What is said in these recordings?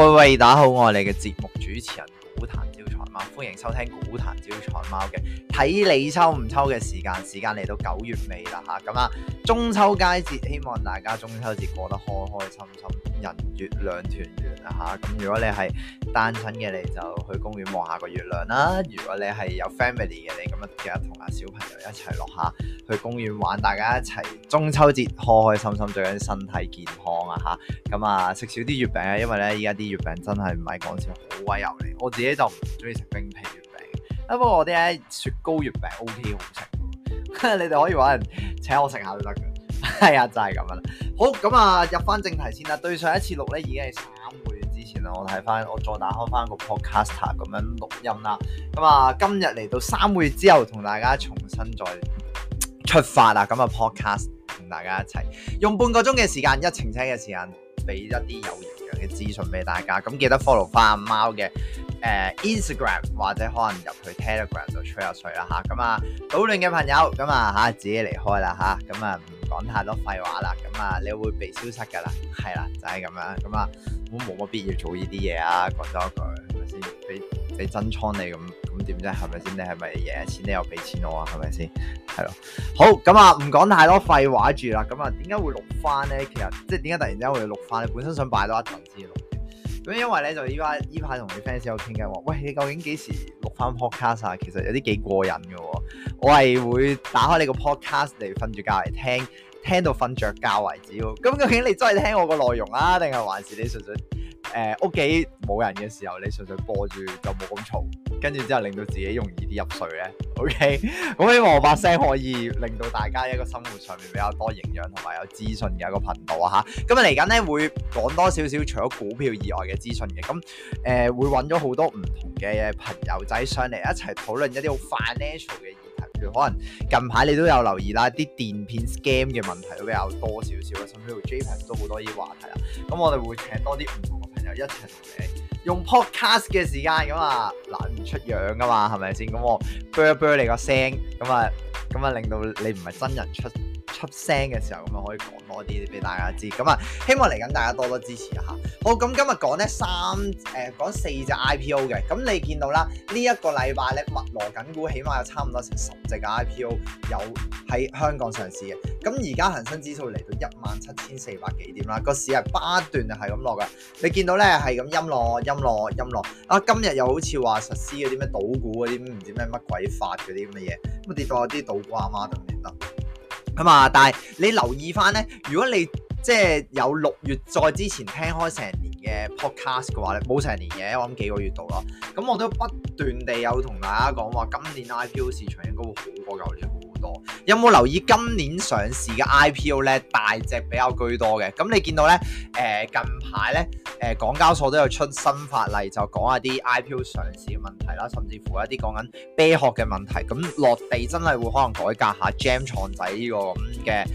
喂喂，大家好，我係你嘅節目主持人股壇招財貓，歡迎收聽股壇招財貓嘅睇你抽唔抽嘅時間，時間嚟到九月尾啦吓，咁啊、嗯、中秋佳節，希望大家中秋節過得開開心心，人月兩團圓啊吓，咁、嗯、如果你係單身嘅你就去公園望下個月亮啦。如果你係有 family 嘅，你咁啊記得同阿小朋友一齊落下去公園玩，大家一齊中秋節開開心心，最緊身體健康啊吓，咁啊食少啲月餅啊，因為咧依家啲月餅真係唔係講笑，好鬼油膩。我自己就唔中意食冰皮月餅，不過我啲咧雪糕月餅 OK 好食。 你哋可以搵人請我食下都得㗎。係 啊，就係、是、咁樣啦。好，咁啊，入翻正題先啦。對上一次錄咧已經係。之前啊，我睇翻，我再打開翻個 podcast 咁樣錄音啦。咁啊，今日嚟到三個月之後，同大家重新再出發啦。咁啊，podcast 同大家一齊用半個鐘嘅時，時間，一程車嘅時間，俾一啲有營養嘅資訊俾大家。咁記得 follow 翻貓嘅誒、呃、Instagram，或者可能入去 Telegram 度吹下水啦嚇。咁啊，搞、啊、亂嘅朋友，咁啊嚇、啊、自己離開啦嚇。咁啊～啊講太多廢話啦，咁啊你會被消失噶啦，係啦就係咁樣，咁啊都冇乜必要做呢啲嘢啊，講多一句係咪先？俾俾真倉你咁，咁點啫？係咪先？你係咪贏錢？你又俾錢我啊？係咪先？係咯，好，咁啊唔講太多廢話住啦，咁啊點解會錄翻咧？其實即係點解突然之間會錄翻？本身想擺多一陣先。咁因為咧，就依排依排同你 fans 有傾偈話，喂，你究竟幾時錄翻 podcast 啊？其實有啲幾過癮嘅喎，哦，我係會打開你個 podcast 嚟瞓住覺嚟聽，聽到瞓着覺為止。咁究竟你真係聽我個內容啊，定係還是你純粹？誒屋企冇人嘅時候，你純粹播住就冇咁嘈，跟住之後令到自己容易啲入睡咧、欸。OK，咁希望我把聲可以令到大家一個生活上面比較多營養同埋有資訊嘅一個頻道啊！嚇，咁啊嚟緊咧會講多少少除咗股票以外嘅資訊嘅，咁、嗯、誒、呃、會揾咗好多唔同嘅朋友仔上嚟一齊討論一啲好 financial 嘅議題，譬如可能近排你都有留意啦，啲電騙、scam 嘅問題都比較多少少啊，甚至乎 Japan 都好多啲話題啦。咁、嗯、我哋會請多啲唔～同。有一齊同你用 podcast 嘅時間咁啊，唔出樣噶嘛，係咪先？咁我 b o r b e r 你個聲咁啊，咁啊，令到你唔係真人出。出聲嘅時候咁啊，可以講多啲俾大家知。咁啊，希望嚟緊大家多多支持一下。好，咁今日講呢三誒、呃、講四隻 IPO 嘅。咁你見到啦，這個、呢一個禮拜咧，密鑼緊鼓起碼有差唔多成十隻 IPO 有喺香港上市嘅。咁而家恒生指數嚟到一萬七千四百幾點啦，個市係不斷就係咁落嘅。你見到咧係咁陰落陰落陰落啊！今日又好似話實施嗰啲咩賭股嗰啲唔知咩乜鬼法嗰啲咁嘅嘢，咁啊跌到有啲賭股阿媽度先得。係嘛？但係你留意翻咧，如果你即係有六月再之前聽開成年嘅 podcast 嘅話咧，冇成年嘢，我諗幾個月到咯。咁我都不斷地有同大家講話，今年 IPO 市場應該會好過舊年。有冇留意今年上市嘅 IPO 咧？大隻比較居多嘅。咁你見到咧，誒、呃、近排咧，誒、呃、港交所都有出新法例，就講下啲 IPO 上市嘅問題啦，甚至乎一啲講緊啤殼嘅問題。咁落地真係會可能改革下 GEM 創仔呢個咁嘅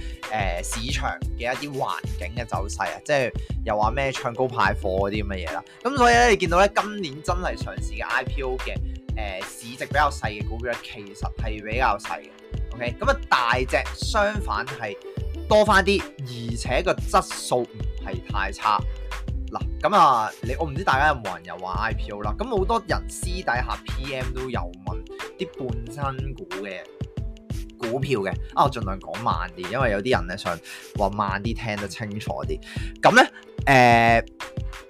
誒市場嘅一啲環境嘅走勢啊，即係又話咩唱高派貨嗰啲咁嘅嘢啦。咁所以咧，你見到咧，今年真係上市嘅 IPO 嘅誒、呃、市值比較細嘅股票，其實係比較細嘅。O K，咁啊大隻相反係多翻啲，而且個質素唔係太差。嗱，咁啊你我唔知大家有冇人又話 I P O 啦。咁好多人私底下 P M 都有問啲半新股嘅股票嘅。啊，我儘量講慢啲，因為有啲人咧想話慢啲聽得清楚啲。咁咧，誒、呃。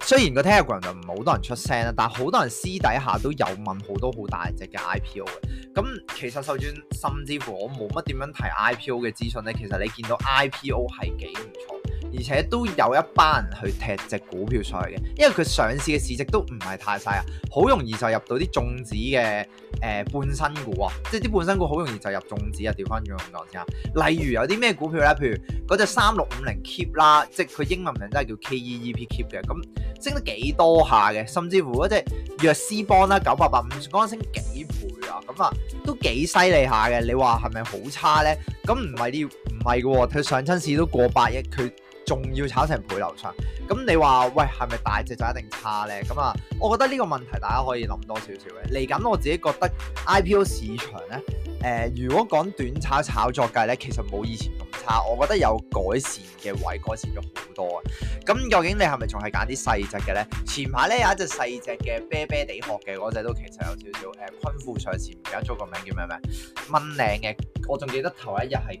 雖然個 Telegram 就唔係好多人出聲，但係好多人私底下都有問好多好大隻嘅 IPO 嘅。咁其實秀尊甚至乎我冇乜點樣提 IPO 嘅資訊咧。其實你見到 IPO 係幾唔錯。而且都有一班人去踢隻股票上嚟嘅，因為佢上市嘅市值都唔係太細啊，好容易就入到啲種子嘅誒、呃、半新股啊，即係啲半新股好容易就入種子啊，調翻轉講先啊。例如有啲咩股票咧，譬如嗰隻三六五零 keep 啦、啊，即係佢英文名都係叫 K E E P keep 嘅，咁、嗯、升得幾多下嘅，甚至乎嗰隻藥師幫啦、啊，九八八五剛升幾倍啊，咁、嗯、啊、嗯、都幾犀利下嘅，你話係咪好差咧？咁唔係啲唔係嘅喎，佢上親市都過百億，佢。仲要炒成倍樓上，咁你話喂，係咪大隻就一定差呢？咁啊，我覺得呢個問題大家可以諗多少少嘅。嚟緊我自己覺得 IPO 市場呢，誒、呃，如果講短炒炒作嘅呢，其實冇以前咁差，我覺得有改善嘅位改善咗好多啊。咁究竟你係咪仲係揀啲細隻嘅呢？前排呢有一隻細隻嘅啤啤地殼嘅嗰隻都其實有少少誒，昆、呃、富上市唔記得咗個名叫咩名？蚊領嘅，我仲記得頭一日係誒。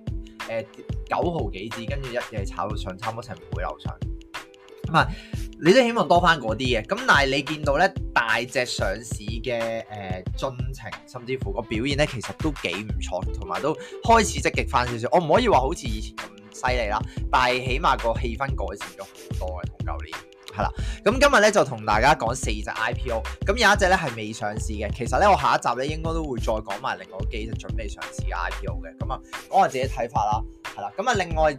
呃九毫幾紙，跟住一嘢炒到上差唔多成倍樓上，唔、嗯、係你都希望多翻嗰啲嘅。咁但係你見到咧大隻上市嘅誒進程，甚至乎個表現咧，其實都幾唔錯，同埋都開始積極翻少少。我唔可以話好似以前咁犀利啦，但係起碼個氣氛改善咗好多嘅，同舊年係啦。咁今日咧就同大家講四隻 IPO，咁有一隻咧係未上市嘅。其實咧我下一集咧應該都會再講埋另外幾隻準備上市嘅 IPO 嘅。咁啊講下自己睇法啦。係啦，咁啊，另外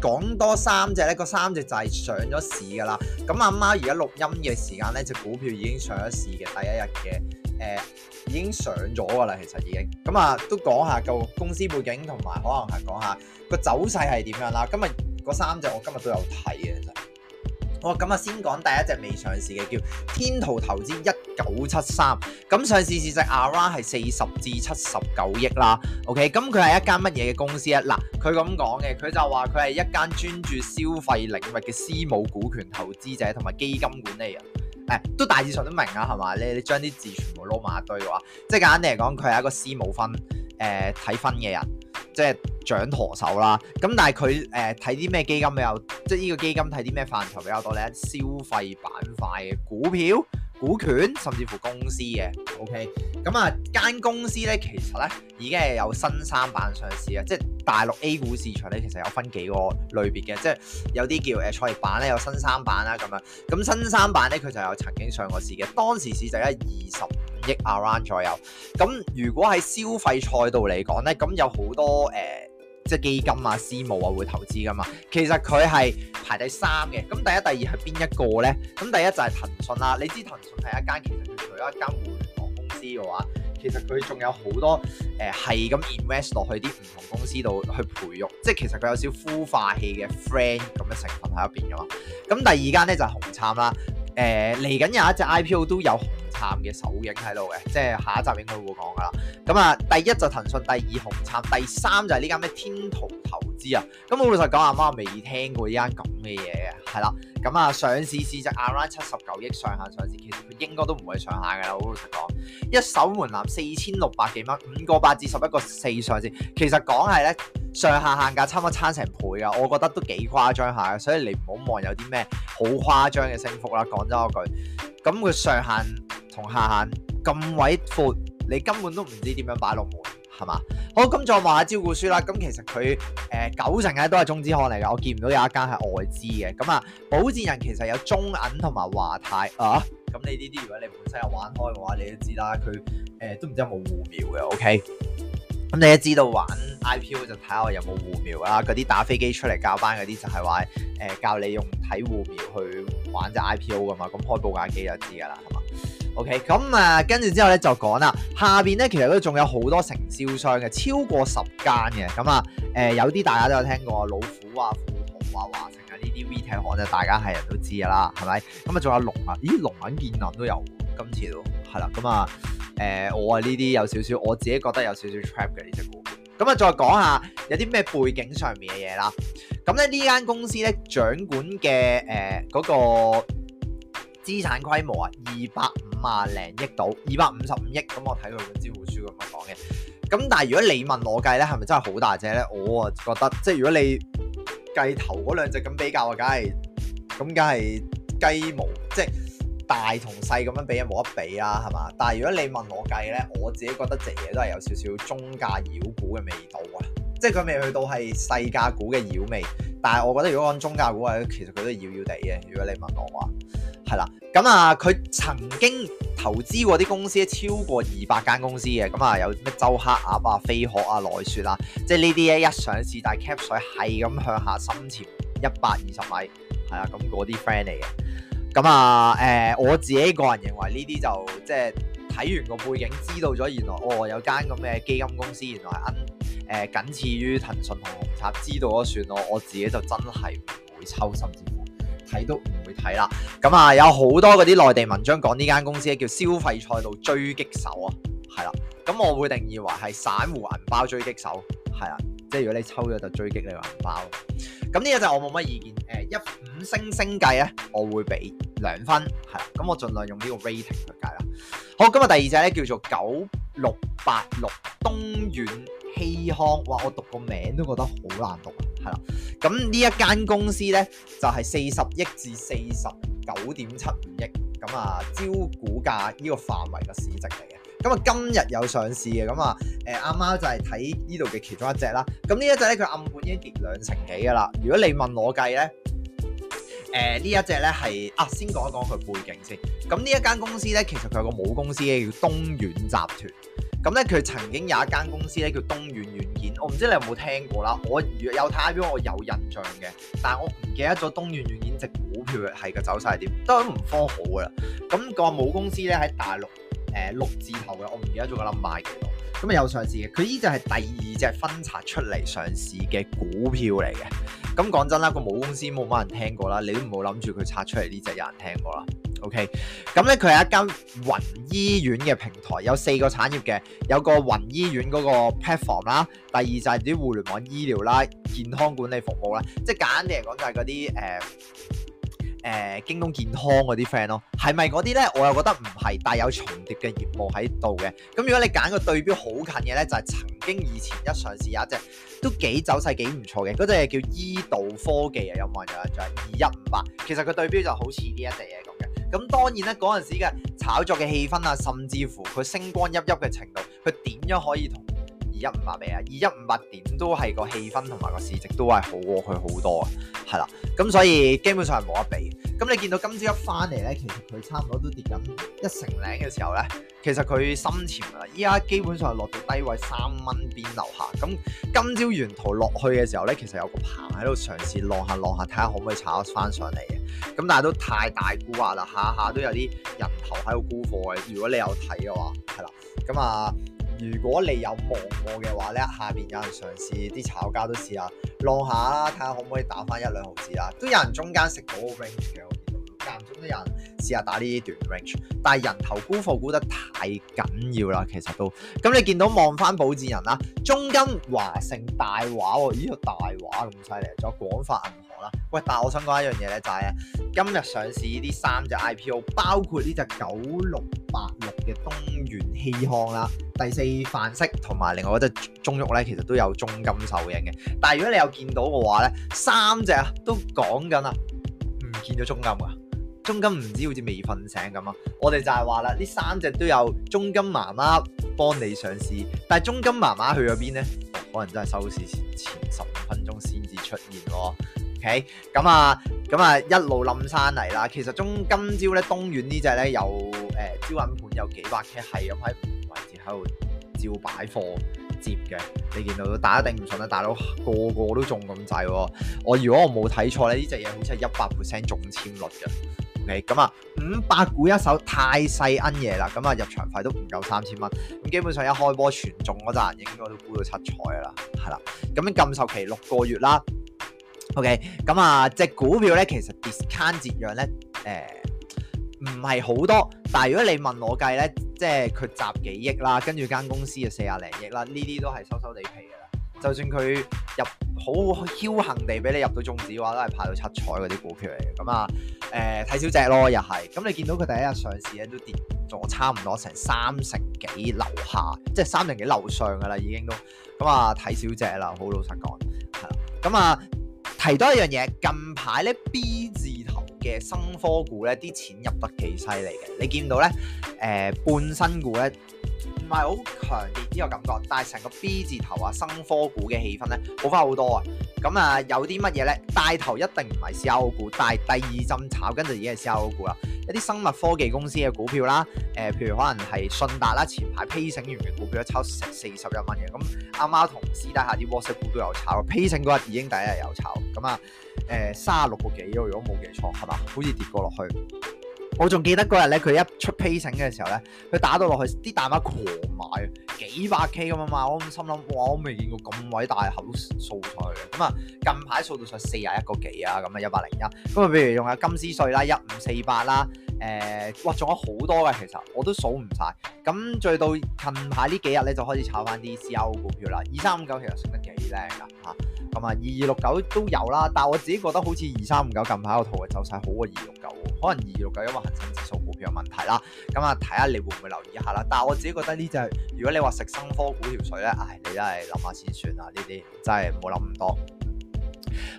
講多三隻咧，個三隻就係上咗市㗎喇。咁啊貓而家錄音嘅時間咧，隻股票已經上咗市嘅第一日嘅，誒、呃、已經上咗噶啦，其實已經。咁啊，都講下個公司背景同埋，可能係講下個走勢係點樣啦。今日嗰三隻我今日都有睇嘅，其實。哇，咁啊、哦、先講第一隻未上市嘅叫天圖投資一九七三，咁上市市值 around 係四十至七十九億啦。OK，咁佢係一間乜嘢嘅公司啊？嗱，佢咁講嘅，佢就話佢係一間專注消費領域嘅私募股權投資者同埋基金管理人。誒、哎，都大致上都明啊，係嘛？你你將啲字全部撈埋一堆嘅話，即係簡單嚟講，佢係一個私募分誒睇、呃、分嘅人。即係掌舵手啦，咁但係佢誒睇啲咩基金比較，即係呢個基金睇啲咩範疇比較多咧？消費板塊嘅股票。股權甚至乎公司嘅，OK，咁啊間公司咧其實咧已經係有新三板上市啊，即係大陸 A 股市場咧其實有分幾個類別嘅，即係有啲叫啊創業板咧有新三板啦咁樣，咁新三板咧佢就有曾經上過市嘅，當時市值咧二十五億 around 左右，咁如果喺消費賽道嚟講咧，咁有好多誒。欸即係基金啊、私募啊會投資噶嘛，其實佢係排第三嘅。咁第一、第二係邊一個咧？咁第一就係騰訊啦。你知騰訊係一間其實佢除咗一間互聯網公司嘅話，其實佢仲有好多誒係咁 invest 落去啲唔同公司度去培育，即係其實佢有少孵化器嘅 friend 咁嘅成分喺入邊噶嘛。咁第二間咧就係、是、紅杉啦。誒嚟緊有一隻 IPO 都有。探嘅手影喺度嘅，即係下一集應該會講噶啦。咁啊，第一就騰訊，第二紅杉，第三就係呢間咩天圖投資啊。咁、嗯、我老實講，阿媽未聽過呢間咁嘅嘢嘅，係啦。咁、嗯、啊，上市市值約莫七十九億上限上市，其實佢應該都唔會上限噶啦。好老實講，一手門檻四千六百幾蚊，五個八至十一個四上市，其實講係咧，上下限價差唔多差成倍啊。我覺得都幾誇張下嘅。所以你唔好望有啲咩好誇張嘅升幅啦。講咗一句，咁、嗯、佢上限。同下限咁位闊，你根本都唔知點樣擺落門，係嘛？好，咁再話下招股書啦。咁其實佢誒、呃、九成咧都係中資行嚟嘅。我見唔到有一間係外資嘅。咁、嗯、啊，保薦人其實有中銀同埋華泰啊。咁你呢啲如果你本身有玩開嘅話，你知、呃、都知啦。佢誒都唔知有冇護苗嘅，OK？咁你都知道玩 IPO 就睇下有冇護苗啦。嗰啲打飛機出嚟教班嗰啲就係話誒教你用睇護苗去玩隻 IPO 噶嘛。咁開報價機就知噶啦，係嘛？OK，咁、嗯、啊，跟住之後咧就講啦。下邊咧其實都仲有好多承銷商嘅，超過十間嘅。咁、嗯、啊，誒、呃、有啲大家都有聽過老虎啊、富途啊、華成啊呢啲 V Tech 行啊，大家係人都知噶啦，係咪？咁、嗯、啊，仲有龍啊，咦，龍韻建能都有，今次都係啦。咁、嗯、啊，誒、呃、我啊呢啲有少少，我自己覺得有少少 trap 嘅呢隻股票，這個。咁、嗯、啊、嗯，再講下有啲咩背景上面嘅嘢啦。咁咧呢間公司咧掌管嘅誒嗰個。資產規模啊，二百五萬零億到二百五十五億，咁我睇佢本招股書咁樣講嘅。咁但係如果你問我計咧，係咪真係好大隻咧？我啊覺得，即係如果你計頭嗰兩隻咁比較啊，梗係咁，梗係雞毛，即係大同細咁樣比啊，冇得比啊，係嘛？但係如果你問我計咧，我自己覺得隻嘢都係有少少中價妖股嘅味道啊。即係佢未去到係細價股嘅妖味，但係我覺得如果按中價股啊，其實佢都係妖妖哋嘅。如果你問我話，係啦，咁啊，佢曾經投資過啲公司超過二百間公司嘅，咁啊有咩周黑鴨啊、飛鶴啊、奈雪啊，即係呢啲嘢一上市，但係 cap 水係咁向下深潛一百二十米，係啊，咁嗰啲 friend 嚟嘅。咁啊，誒，我自己個人認為呢啲就即係睇完個背景，知道咗原來哦有間咁嘅基金公司，原來係誒、呃，僅次於騰訊同紅插，知道咗算咯。我自己就真係唔會抽，甚至乎睇都唔會睇啦。咁啊，有好多嗰啲內地文章講呢間公司咧，叫消費賽道追擊手啊，係啦。咁我會定義為係散戶銀包追擊手，係啊。即係如果你抽咗就追擊你個銀包。咁呢一隻我冇乜意見。誒、呃，一五星星計咧，我會俾兩分係啦。咁我儘量用呢個 rating 去計啦。好，今日第二隻咧叫做九六八六東軟。熙康，哇！我讀個名都覺得好難讀，係啦。咁、嗯、呢一間公司咧，就係四十億至四十九點七五億，咁啊招股價呢個範圍嘅市值嚟嘅。咁、嗯、啊今日有上市嘅，咁、嗯、啊誒阿貓就係睇呢度嘅其中一隻啦。咁、嗯、呢一隻咧，佢暗盤已經跌兩成幾噶啦。如果你問我計咧，誒、呃、呢一隻咧係啊先講一講佢背景先。咁、嗯、呢一間公司咧，其實佢有個母公司咧叫東軟集團。咁咧佢曾經有一間公司咧叫東軟軟件，我唔知你有冇聽過啦。我有睇，因為我有印象嘅，但我唔記得咗東軟軟件隻股票嘅係個走勢點，都唔科好噶啦。咁、個母公司咧喺大陸誒、呃、六字頭嘅，我唔記得咗個 number 買幾多。咁啊有上市嘅，佢依隻係第二隻分拆出嚟上市嘅股票嚟嘅。咁講真啦，個母公司冇乜人聽過啦，你都唔好諗住佢拆出嚟呢隻有人聽過啦。O.K. 咁、嗯、咧，佢係一間雲醫院嘅平台，有四個產業嘅，有個雲醫院嗰個 platform 啦。第二就係啲互聯網醫療啦，健康管理服務啦，即係簡單啲嚟講就係嗰啲誒誒京東健康嗰啲 friend 咯。係咪嗰啲咧？我又覺得唔係，但係有重疊嘅業務喺度嘅。咁、嗯、如果你揀個對標好近嘅咧，就係、是、曾經以前一上市有一隻都幾走勢幾唔錯嘅，嗰隻嘢叫醫渡科技啊。有冇人有印象？二一五八，其實個對標就好似呢一隻嘢咁。咁當然咧、啊，嗰陣時嘅炒作嘅氣氛啊，甚至乎佢星光熠熠嘅程度，佢點樣可以同？二一五八比啊，二一五八點都係個氣氛同埋個市值都係好過佢好多嘅，係啦。咁所以基本上係冇得比。咁你見到今朝一翻嚟咧，其實佢差唔多都跌緊一成零嘅時候咧，其實佢深潛啦。依家基本上係落到低位三蚊邊樓下。咁今朝沿途落去嘅時候咧，其實有個棚喺度嘗試落下落下，睇下可唔可以炒翻上嚟嘅。咁但係都太大沽壓啦，下下都有啲人頭喺度沽貨嘅。如果你有睇嘅話，係啦，咁啊。如果你有望過嘅話咧，下邊有人嘗試啲炒家都試,試下，浪下啦，睇下可唔可以打翻一兩毫子啦。都有人中間食到個 range 嘅，我見到間中都有人試下打呢段 range，但係人頭沽貨沽得太緊要啦，其實都咁你見到望翻保薦人啦，中金、華盛、哦、大華，呢度大華咁犀利？仲有廣發銀行啦。喂，但係我想講一樣嘢咧，就係、是、咧今日上市呢三隻 IPO，包括呢隻九六八六。嘅東軟熙康啦，第四範式同埋另外嗰隻中旭咧，其實都有中金受影嘅。但係如果你有見到嘅話咧，三隻啊都講緊啊，唔見咗中金噶，中金唔知好似未瞓醒咁啊。我哋就係話啦，呢三隻都有中金媽媽幫你上市，但係中金媽媽去咗邊咧？可能真係收市前十五分鐘先至出現咯。咁啊，咁啊，okay，嗯嗯嗯嗯，一路冧山嚟啦。其實中今朝咧，東軟呢隻咧有誒、呃、招銀盤有幾百隻，係咁喺唔同位置喺度照擺貨接嘅。你見到大家頂唔順啊，大佬個個都中咁滯喎。我如果我冇睇錯咧，呢隻嘢好似係一百 percent 中籤率嘅。O.K. 咁啊，五百股一手太細恩嘢啦。咁、嗯、啊，入場費都唔夠三千蚊。咁基本上一開波全中嗰陣，應該都估到七彩啦，係啦。咁樣禁售期六個月啦。OK，咁、嗯、啊、嗯，隻股票咧，其實 discount 折讓咧，誒唔係好多。但係如果你問我計咧，即係佢集幾億啦，跟住間公司就四廿零億啦，呢啲都係收收地皮嘅啦。就算佢入好僥倖地俾你入到中子嘅話，都係排到七彩嗰啲股票嚟嘅。咁、嗯、啊，誒、嗯、睇小隻咯，又係。咁、嗯、你見到佢第一日上市咧都跌咗差唔多成三十幾樓下，即係三十幾樓上嘅啦，已經都咁啊，睇、嗯嗯、小隻啦，好老實講，係啦，咁、嗯、啊。嗯嗯嗯提多一樣嘢，近排咧 B 字頭嘅生科股咧啲錢入得幾犀利嘅，你見到咧誒、呃、半新股咧唔係好強烈呢個感覺，但係成個 B 字頭啊生科股嘅氣氛咧好翻好多啊！咁啊有啲乜嘢咧帶頭一定唔係 C 股，但係第二陣炒跟住已經係 C 股啦。一啲生物科技公司嘅股票啦，誒、呃，譬如可能係信達啦，前排披聖完嘅股票都炒成四十一蚊嘅，咁阿媽同私底下啲 WhatsApp 股都有炒，披聖嗰日已經第一日有炒，咁啊，誒三十六個幾喎，如果冇記錯係嘛，好似跌過落去。我仲記得嗰日咧，佢一出 pay 嘅時候咧，佢打到落去啲大媽狂買啊，幾百 K 咁啊嘛，我咁心諗哇，我未見過咁偉大嘅大口數財嘅咁啊！近排數到上四廿一個幾啊，咁啊一百零一，咁啊，譬如用下金斯瑞啦，一五四八啦，誒，哇，仲有好多嘅，其實我都數唔晒。咁再到近排呢幾日咧，就開始炒翻 CRO 股票啦，二三五九其實升得幾靚噶吓，咁啊二二六九都有啦，但係我自己覺得好似二三五九近排個圖啊走晒好過二六九，可能二二六九因為恒生指數股票嘅問題啦，咁啊睇下你會唔會留意一下啦。但係我自己覺得呢隻，如果你話食生科股科水呢，唉、哎，你都係諗下先算啦，呢啲真係唔好諗咁多。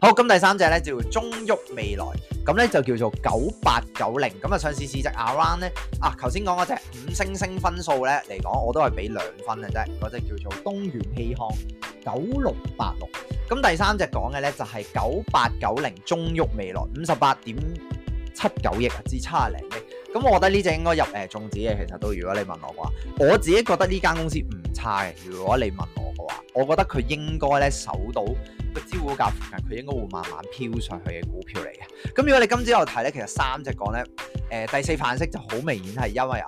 好，咁第三隻咧就叫中旭未來，咁咧就叫做九八九零，咁啊上市市值 around 咧啊，頭先講嗰隻五星星分數咧嚟講，我都係俾兩分嘅啫，嗰隻叫做東軟熙康。九六八六，咁第三隻講嘅咧就係九八九零中旭未來五十八點七九億啊，至差零億。咁我覺得呢隻應該入誒、呃、中指嘅，其實都如果你問我嘅話，我自己覺得呢間公司唔差嘅。如果你問我嘅話，我覺得佢應該咧守到個招股價附近，佢應該會慢慢飄上去嘅股票嚟嘅。咁如果你今朝有睇咧，其實三隻講咧誒第四泛式就好明顯係因為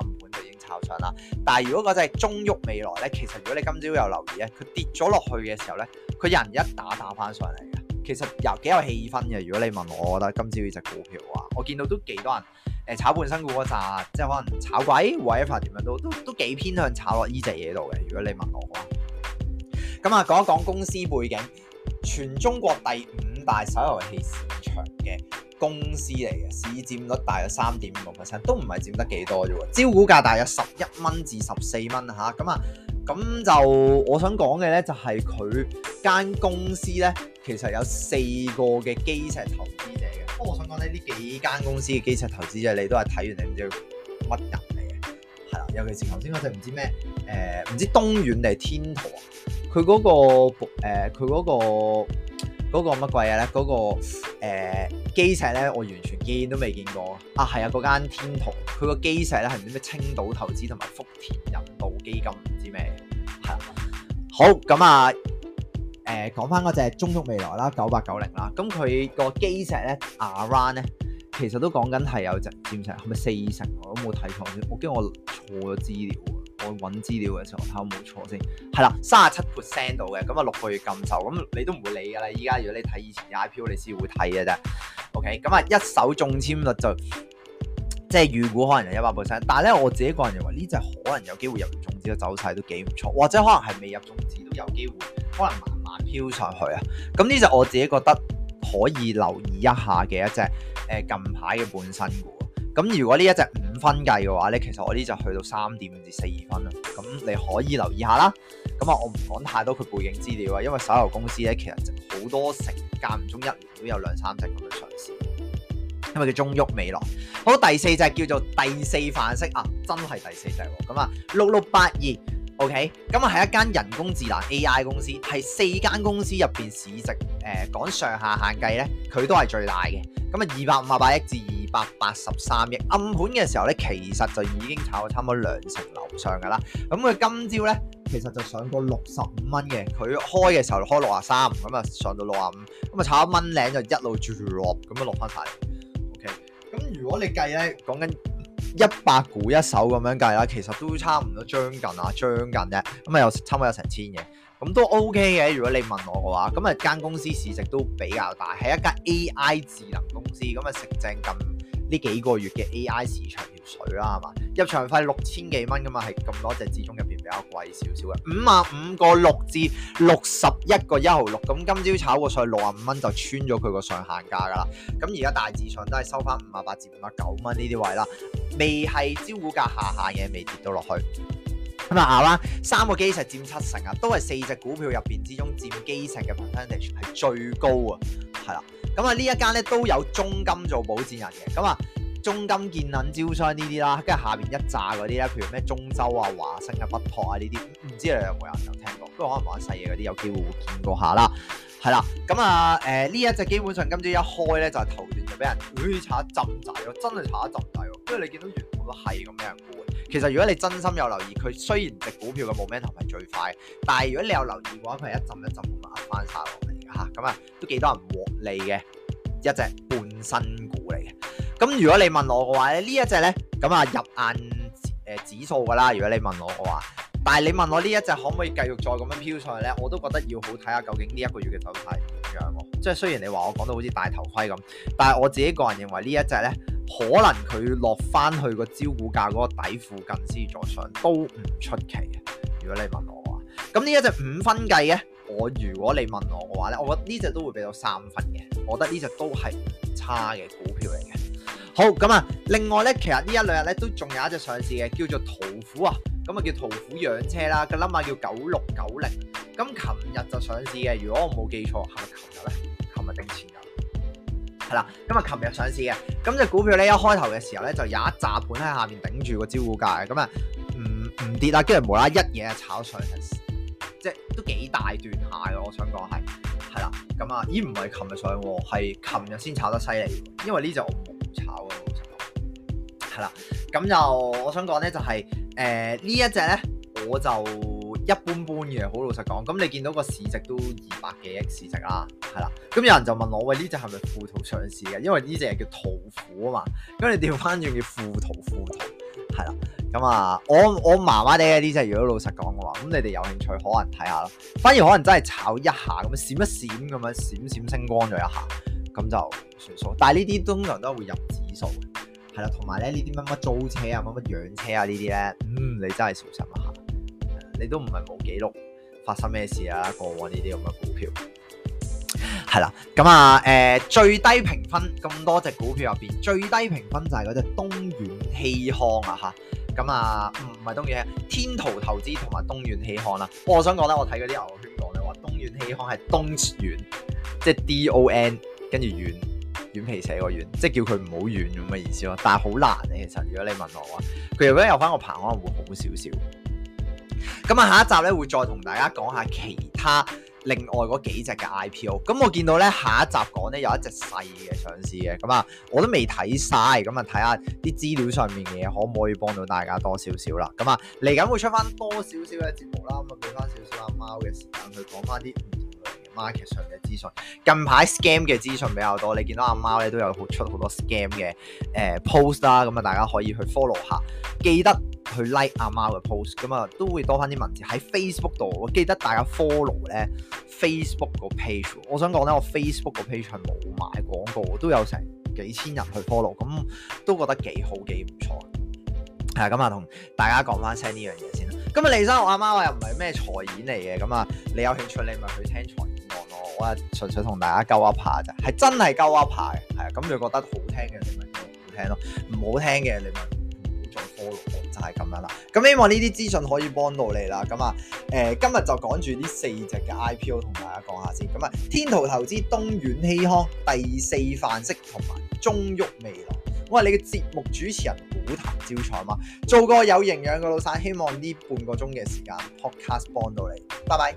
跑上啦，但係如果嗰隻係中旭未來咧，其實如果你今朝有留意咧，佢跌咗落去嘅時候咧，佢人一打打翻上嚟嘅，其實又幾有氣氛嘅。如果你問我，我覺得今朝呢隻股票嘅話，我見到都幾多人誒、呃、炒半新股嗰扎即係可能炒鬼或者 whatever 點樣都都都，都幾偏向炒落呢隻嘢度嘅。如果你問我嘅話，咁啊講一講公司背景，全中國第五大手遊市場嘅。公司嚟嘅市佔率大約三點五六 percent，都唔係佔得幾多啫喎。招股價大約十一蚊至十四蚊嚇咁啊，咁就我想講嘅咧，就係佢間公司咧，其實有四個嘅基石投資者嘅。不過我想講呢，呢幾間公司嘅基石投資者，你都係睇完你唔知乜人嚟嘅係啦。尤其是頭先嗰隻唔知咩誒，唔、呃、知東軟定係天圖啊？佢嗰個佢嗰個嗰個乜鬼嘢咧嗰個。呃誒、嗯，基石咧，我完全見都未見過啊！係啊，嗰間天圖，佢個基石咧係唔知咩青島投資同埋福田人道基金唔知咩，係啦、啊。好咁啊，誒、嗯，講翻嗰隻中旭未來啦，九八九零啦，咁佢個基石咧，阿 Run 咧，其實都講緊係有增，佔成係咪四成？我都冇睇錯，我驚我錯咗資料。我揾資料嘅時候，睇下冇錯先。係啦，三十七 percent 到嘅，咁啊六個月禁售，咁你都唔會理㗎啦。依家如果你睇以前嘅 IPO，你先會睇嘅啫。OK，咁啊一手中籤率就即係預估可能係一百 percent，但係咧我自己個人認為呢隻可能有機會入中資都走曬，都幾唔錯，或者可能係未入中資都有機會，可能慢慢飄上去啊。咁呢隻我自己覺得可以留意一下嘅一隻誒近排嘅本身股。咁如果呢一隻分計嘅話咧，其實我呢就去到三點五至四二分啦。咁你可以留意下啦。咁啊，我唔講太多佢背景資料啊，因為手遊公司咧，其實好多成間唔中一年都有兩三隻咁樣上市。因為叫中旭未來。好，第四隻叫做第四範式啊，真係第四隻。咁啊，六六八二，OK，嗯。咁啊，係一間人工智能 AI 公司，係四間公司入邊市值誒講、呃、上下限計咧，佢都係最大嘅。咁、嗯、啊，二百五十八億至二。百八十三億，暗盤嘅時候咧，其實就已經炒到差唔多兩成樓上噶啦。咁佢今朝咧，其實就上過六十五蚊嘅。佢開嘅時候就開六啊三，咁啊上到六啊五，咁啊炒到蚊領就一路住落咁啊落翻曬。OK，咁如果你計咧，講緊一百股一手咁樣計啦，其實都差唔多將近啊，將近啫。咁啊有差唔多有成千嘅，咁都 OK 嘅。如果你問我嘅話，咁啊間公司市值都比較大，係一間 AI 智能公司，咁啊食正咁。呢幾個月嘅 AI 市場入水啦，係嘛？入場費六千幾蚊噶嘛，係咁多隻之中入邊比較貴少少嘅，五啊五個六至六十一個一毫六，咁今朝炒個上六啊五蚊就穿咗佢個上限價㗎啦。咁而家大致上都係收翻五啊八至五啊九蚊呢啲位啦，未係招股價下限嘅，未跌到落去。咁啊啱啦，三個基石佔七成啊，都係四隻股票入邊之中佔基石嘅 percentage 係最高啊，係啦。咁啊，呢一間咧都有中金做保薦人嘅，咁啊，中金建銀招商呢啲啦，跟住下面一紮嗰啲咧，譬如咩中州啊、華盛啊、北托啊呢啲，唔知你有冇人有人聽過？不過可能玩細嘢嗰啲有機會會見過下啦，係啦。咁啊，誒呢一隻基本上今朝一開咧就頭段就俾人誒查一浸底咯，真係查一浸底喎。因為你見到原本都係咁俾人沽。其實如果你真心有留意，佢雖然隻股票嘅 momentum 係最快，但係如果你有留意嘅話，佢一浸一浸咁壓翻曬。吓，咁啊，都幾多人獲利嘅一隻半新股嚟嘅。咁如果你問我嘅話咧，呢一隻呢，咁啊入硬指數噶啦。如果你問我嘅話，但係你問我呢一隻可唔可以繼續再咁樣飄上去呢？我都覺得要好睇下究竟呢一個月嘅走勢點樣喎。即係雖然你話我講到好似戴頭盔咁，但係我自己個人認為呢一隻呢，可能佢落翻去個招股價嗰個底附近先再上都唔出奇嘅。如果你問我嘅話，咁呢一隻五分計嘅？我如果你問我嘅話咧，我覺得呢隻都會俾到三分嘅，我覺得呢隻都係唔差嘅股票嚟嘅。好咁啊，另外咧，其實呢一兩日咧都仲有一隻上市嘅叫做途虎啊，咁啊叫途虎養車啦，個 number 叫九六九零，咁琴日就上市嘅。如果我冇記錯，係咪琴日咧？琴日定前日？係啦，咁啊琴日上市嘅，咁隻股票咧一開頭嘅時候咧就有一紮盤喺下面頂住個招股價，咁啊唔唔跌啦，跟住無啦啦一嘢啊炒上。即係都幾大段下嘅，我想講係係啦，咁啊，咦唔係琴日上喎，係琴日先炒得犀利，因為呢隻我冇炒啊，老實講，係啦，咁就我想講咧就係、是、誒、呃、呢一隻咧我就一般般嘅，好老實講，咁你見到個市值都二百幾億市值啦，係啦，咁有人就問我喂，呢隻係咪富途上市嘅？因為呢隻係叫途虎啊嘛，咁你調翻轉叫富途富途。係啦，咁啊，我我麻麻哋呢啲，即係如果老實講嘅話，咁你哋有興趣可能睇下咯。反而可能真係炒一下咁，閃一閃咁樣，閃閃星光咗一下，咁就算數。但係呢啲通常都係會入指數嘅，係啦。同埋咧呢啲乜乜租車啊，乜乜養車啊呢啲咧，嗯，你真係小心一下，你都唔係冇記錄發生咩事啊，過往呢啲咁嘅股票。係啦，咁啊，誒、呃，最低評分咁多隻股票入邊，最低評分就係嗰隻東軟。熙康啊吓，咁啊唔係東軟，天圖投資同埋東軟熙康啊，我想講咧，我睇嗰啲牛圈講咧話東軟熙康係東軟，即係 D O N 跟住軟軟皮寫個軟，即係叫佢唔好軟咁嘅意思咯，但係好難咧其實、啊，如果你問我話，佢如果有返個棚可能會好少少。咁啊，下一集咧會再同大家講下其他。另外嗰幾隻嘅 IPO，咁我見到咧下一集講咧有一隻細嘅上市嘅，咁啊我都未睇晒。咁啊睇下啲資料上面嘅嘢可唔可以幫到大家多少少啦，咁啊嚟緊會出翻多少少嘅節目啦，咁啊俾翻少少阿貓嘅時間去講翻啲 market 上嘅資訊，近排 scam 嘅資訊比較多，你見到阿貓咧都有出好多 scam 嘅誒 post 啦，咁啊大家可以去 follow 下，記得去 like 阿貓嘅 post，咁啊都會多翻啲文字喺 Facebook 度，我記得大家 follow 咧 Facebook 個 page。我想講咧，我 Facebook 個 page 係冇買廣告，都有成幾千人去 follow，咁都覺得幾好幾唔錯。係咁啊，同大家講翻聲呢樣嘢先啦。咁啊，李生我阿貓我又唔係咩財演嚟嘅，咁啊你有興趣你咪去聽財演。我純粹同大家鳩噏下啫，係真係鳩噏下。嘅，係啊，咁你覺得好聽嘅你咪聽咯，唔好聽嘅你咪唔好再 follow，就係、是、咁樣啦。咁、嗯、希望呢啲資訊可以幫到你啦。咁、嗯、啊，誒、呃、今日就講住呢四隻嘅 IPO 同大家講下先。咁、嗯、啊，天圖投資、東軟、熙康、第四範式同埋中旭未來。我係你嘅節目主持人股壇招財貓嘛，做個有營養嘅老細，希望呢半個鐘嘅時間 podcast 幫到你。拜拜。